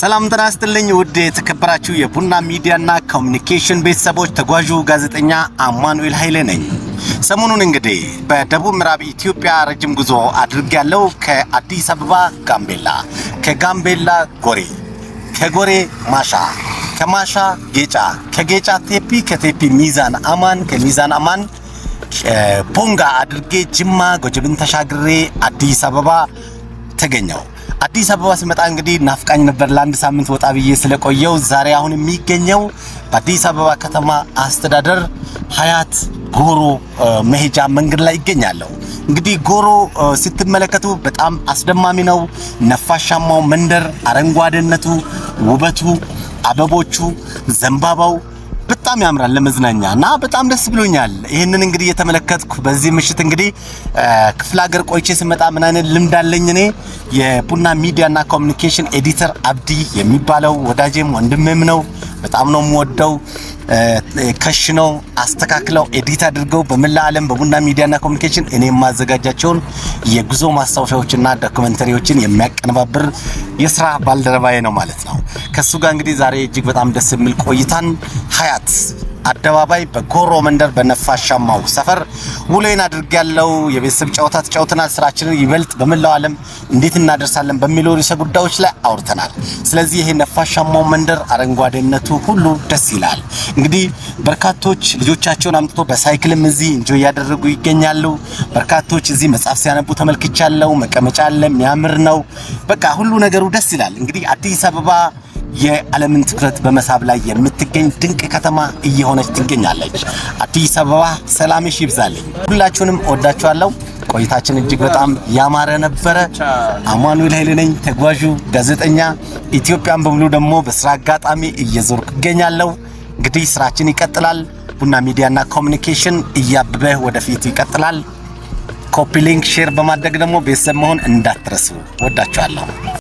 ሰላም ጤና ይስጥልኝ ውድ የተከበራችሁ የቡና ሚዲያና ኮሚኒኬሽን ቤተሰቦች፣ ተጓዡ ጋዜጠኛ አማኑኤል ኃይሌ ነኝ። ሰሞኑን እንግዲህ በደቡብ ምዕራብ ኢትዮጵያ ረጅም ጉዞ አድርግ ያለው ከአዲስ አበባ ጋምቤላ፣ ከጋምቤላ ጎሬ፣ ከጎሬ ማሻ ከማሻ ጌጫ ከጌጫ ቴፒ ከቴፒ ሚዛን አማን ከሚዛን አማን ቦንጋ አድርጌ ጅማ ጎጀብን ተሻግሬ አዲስ አበባ ተገኘው። አዲስ አበባ ስመጣ እንግዲህ ናፍቃኝ ነበር ለአንድ ሳምንት ወጣ ብዬ ስለቆየው ዛሬ አሁን የሚገኘው በአዲስ አበባ ከተማ አስተዳደር ሀያት ጎሮ መሄጃ መንገድ ላይ ይገኛለሁ። እንግዲህ ጎሮ ስትመለከቱ በጣም አስደማሚ ነው። ነፋሻማው መንደር፣ አረንጓዴነቱ፣ ውበቱ፣ አበቦቹ፣ ዘንባባው በጣም ያምራል ለመዝናኛ እና በጣም ደስ ብሎኛል። ይህንን እንግዲህ እየተመለከትኩ በዚህ ምሽት እንግዲህ ክፍለ ሀገር ቆይቼ ስመጣ ምን አይነት ልምድ አለኝ እኔ የቡና ሚዲያና ኮሚኒኬሽን ኤዲተር አብዲ የሚባለው ወዳጄም ወንድሜም ነው። በጣም ነው የምወደው። ከሽነው አስተካክለው ኤዲት አድርገው በመላ ዓለም በቡና ሚዲያና ኮሚኒኬሽን እኔ የማዘጋጃቸውን የጉዞ ማስታወሻዎችና ዶክመንተሪዎችን የሚያቀነባብር የስራ ባልደረባዬ ነው ማለት ነው። ከሱ ጋር እንግዲህ ዛሬ እጅግ በጣም ደስ የሚል ቆይታን ሀያት አደባባይ በጎሮ መንደር በነፋሻማው ሰፈር ውሎዬን አድርግ ያለው የቤተሰብ ጨዋታ ተጫውተናል። ስራችንን ይበልጥ በመላው ዓለም እንዴት እናደርሳለን በሚለው ርዕሰ ጉዳዮች ላይ አውርተናል። ስለዚህ ይሄ ነፋሻማው መንደር አረንጓዴነቱ ሁሉ ደስ ይላል። እንግዲህ በርካቶች ልጆቻቸውን አምጥቶ በሳይክልም እዚህ እንጆ እያደረጉ ይገኛሉ። በርካቶች እዚህ መጽሐፍ ሲያነቡ ተመልክቻለሁ። መቀመጫ አለ፣ የሚያምር ነው። በቃ ሁሉ ነገሩ ደስ ይላል። እንግዲህ አዲስ አበባ የዓለምን ትኩረት በመሳብ ላይ የምትገኝ ድንቅ ከተማ እየሆነች ትገኛለች። አዲስ አበባ ሰላምሽ ይብዛልኝ። ሁላችሁንም ወዳችኋለሁ። ቆይታችን እጅግ በጣም ያማረ ነበረ። አማኑኤል ኃይሌ ነኝ፣ ተጓዡ ጋዜጠኛ። ኢትዮጵያን በሙሉ ደግሞ በስራ አጋጣሚ እየዞርኩ እገኛለሁ። እንግዲህ ስራችን ይቀጥላል። ቡና ሚዲያና ኮሚኒኬሽን እያበበ ወደፊት ይቀጥላል። ኮፒ ሊንክ ሼር በማድረግ ደግሞ ቤተሰብ መሆን እንዳትረሱ። ወዳችኋለሁ።